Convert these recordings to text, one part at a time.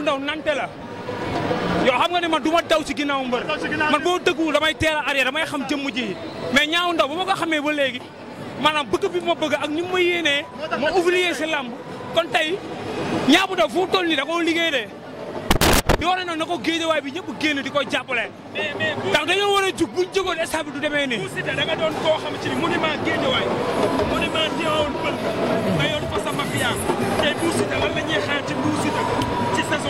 bu ndaw nante la yow xam nga ne man du ma daw ci ginnaaw mbër man boo dëggu damay teel a arrière damay xam jëm ji mais ñaaw ndaw bu ma ko xamee ba léegi maanaam bëgg bi ma bëgg ak ñu ma yéenee ma oublier si làmb kon tey ñaaw bu ndaw fu mu toll nii da koo liggéey de di war a na ko géejawaay bi ñëpp génn di ko jàppale. ndax dañoo war a jug buñ jógoon du demee nii. Bou Siteu da nga doon koo xam ci ni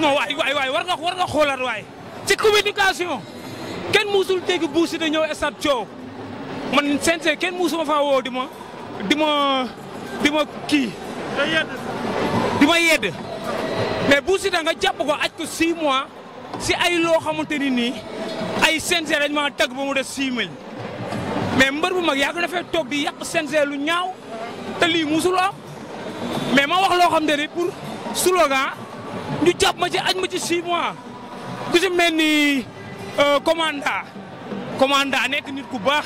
non waay waay waay war nga war nga xoolaat waay ci communication kenn muusul dégg Bou Siteu ñëw stade coow man CNG kenn muusuma faa woo di ma di ma di ma kii. di ma yedd mais Bou Siteu nga jàpp ko aj ko 6 mois si ay loo xamante ni nii ay CNG dañ maa tagg ba mu des 6 000 mais mbër bu mag yaa ngi dafay toog di yàq CNG lu ñaaw te lii musul am mais ma wax loo xam ne pour slogan ñu jàpp ma ci aj ma ci 6 mois ku si mel ni euh, commanda commanda nekk nit ku baax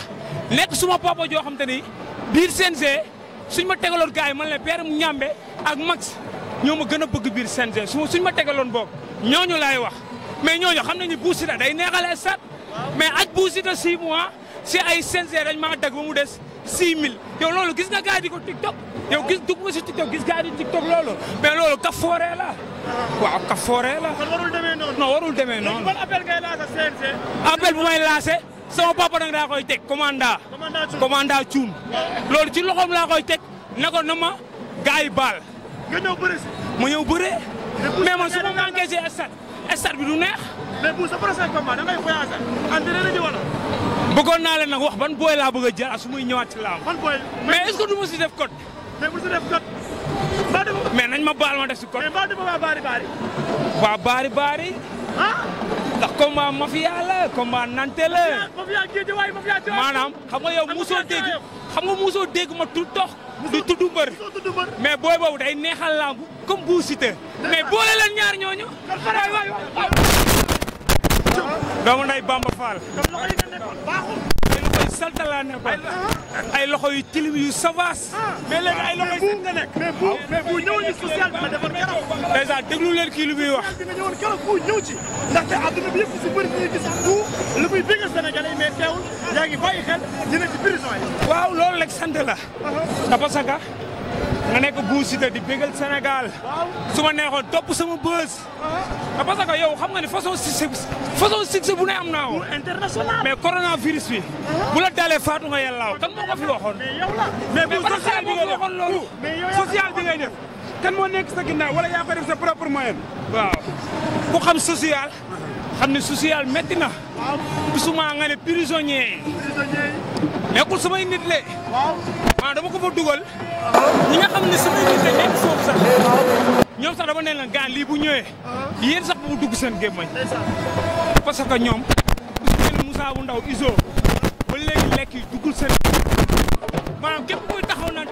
nekk suma papa joo xam te ni biir CNG suñ ma tegaloon gars yi man la père mu ñàmbe ak max ñoo ma gën a bëgg biir CNG su suñ ma tegaloon boog ñooñu laay wax mais ñooñu xam nañu Bou Siteu day neexal stade mais aj Bou Siteu 6 mois si ay CNG dañ maa dagg ba mu des six mille yow gis nga gars yi di ko TikTok gis dugg nga si TikTok gis gars yi di TikTok waaw kafoore la. kon demee noonu. non warul demee noonu. kon appel ngay lancé CNG. appel bu may lancé sama papa nag laa koy teg commanda. commanda Thioune loolu ci loxoom laa koy teg ne ko na ma gars yi baal. nga mais man su ma manqué si stade bi du neex. mais bu bëggoon naa leen nag wax ban booy laa bëgg a jël a su muy ñëwaat ci laam. ban booy si def code. mais bu mais nañ ma baal ma def si code. mais ba dama waa baari baari. waa baari baari. ah. ndax combat mafia la combat nante la. mafia géej waay maanaam xam nga yow muusoo dégg. xam nga muusoo dégg ma tout tox. du tudd mbër mais booy boobu day neexal làmb comme Bou Siteu mais boole leen ñaar ñooñu waay waay waay doomu nday Bamba Fall dañ koy saltala ne ko ay loxo yu tilim yu savaas. Ah. mais léegi ay loxo yu set nga nekk. mais bu mais bu ñëwoon bi ma defoon leen kii lu muy wax. social bi nga ñëwoon keroog bu ñëw ci. ndaxte àdduna bi yëpp si bëri nañu gis tout lu muy bégal Sénégalais yi mais teewul yaa ngi bàyyi xel dina ci prison yi. waaw loolu rek sant la. Uh-huh. dafa saga nga nekk Bou Siteu di bégal Sénégal su ma neexoon topp sama bës ah. parce que yow xam nga ni façon succès façon succès bu ne am naa ko international mais coronavirus bi ah. bu la dalee faatu nga yàllaaw kan moo ko fi waxoon mais bu social bi nga waxoon social bi ngay def kan moo nekk sa ginnaaw wala yaa koy def sa propre moyen waaw ku xam social xam ne social métti na bisuma nga ne prisonnier nekkul samay nit le maa dama ko fa dugal ñi nga xam ne suñu ñoom sax dama ne leen gaa lii bu ñëwee yéen sax bu dugg seen gémmañ parce que ñoom seen ndaw iso ba léegi lekk yi duggul seen maanaam képp kuy taxaw naan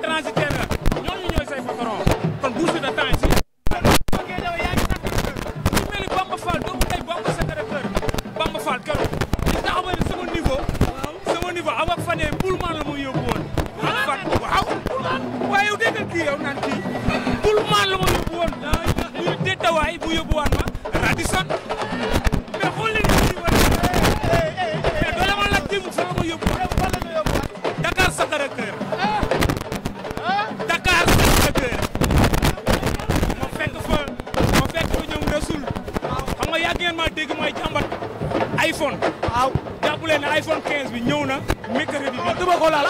waaye yow déggal kii yóbbu woon ma Radisson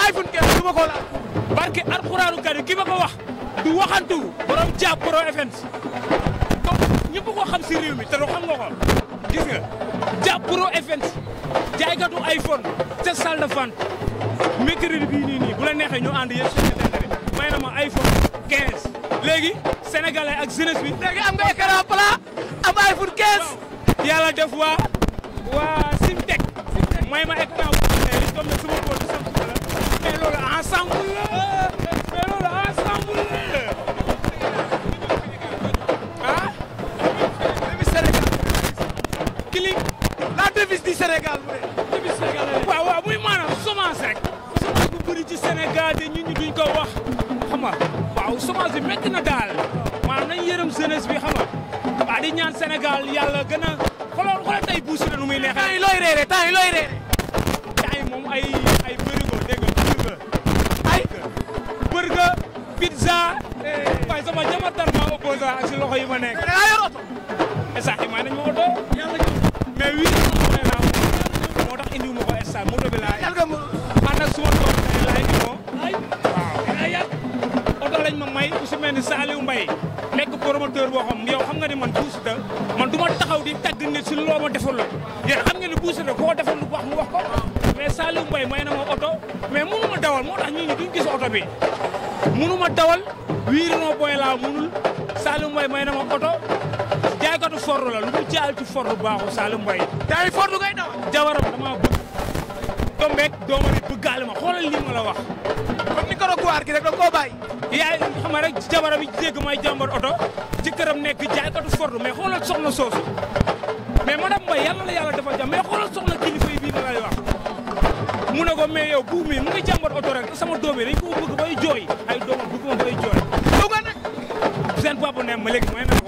iPhone 15 du ma ko laal barke alxuraanu kari ki ma ko wax du waxantu borom jaab pro events donc ñëpp ko xam si réew mi te du xam nga ko gis nga jaab pro events jaaykatu iPhone te salle de vente mercredi bii nii nii bu la neexee ñu ànd yéen internet may ma iPhone 15 léegi sénégalais ak jeunesse bi léegi am nga écran plat am iPhone 15 yàlla def waa waa Simtek may ma écran muy maanaam semence rek bu bëri ci Sénégal te ñu duñ ko wax xam nga waaw semence bi métti na yërëm jeunesse bi xam ñaan Sénégal yàlla gën a xoolal xoolal buusi na nu yi looy reere moom ay ay bërigo dégg nga burger ay burger pizza. Eh, waaye sama jabar maa opposé ak si ma nekk. mais da ngaa yor oto. sax yi ndeysaan moto bi laay ànd ak suma doom day laay ñoo waaw oto lañ ma may ku si mel ni Saliou Mbaye boo xam yow xam nga ni man Boussita man du ma taxaw di tagg nit si loo ma defal xam nga ni Boussita koo defal lu wax mu wax ko mais Saliou Mbaye may na ma oto mais mënu ma dawal moo tax ñii ñi duñ gis oto bi mënu ma dawal wiiri moo booy laa mënul Saliou Mbaye may na ma oto jaaykatu Ford la lu mu jaay ci Ford baaxul Saliou Mbaye. jaay tombeek doomu nit bëggaale ma xoolal lii ma la wax. kon ni ko roguwaar gi rek da koo bàyyi. yaay xam rek jabara bi dégg may jàmbar oto jëkkëram nekk jaaykatu ford mais xoolal soxna soosu mais madame Mbaye yàlla la yàlla dafa jàmm mais xoolal soxna kilifa yi bii ma lay wax. mu a ko mais yow buum mi mu ngi jàmbar oto rek sama doom yi dañ ko bëgg bay jooy ay doomam bëgg ma bay jooy. seen papa ne ma léegi mooy na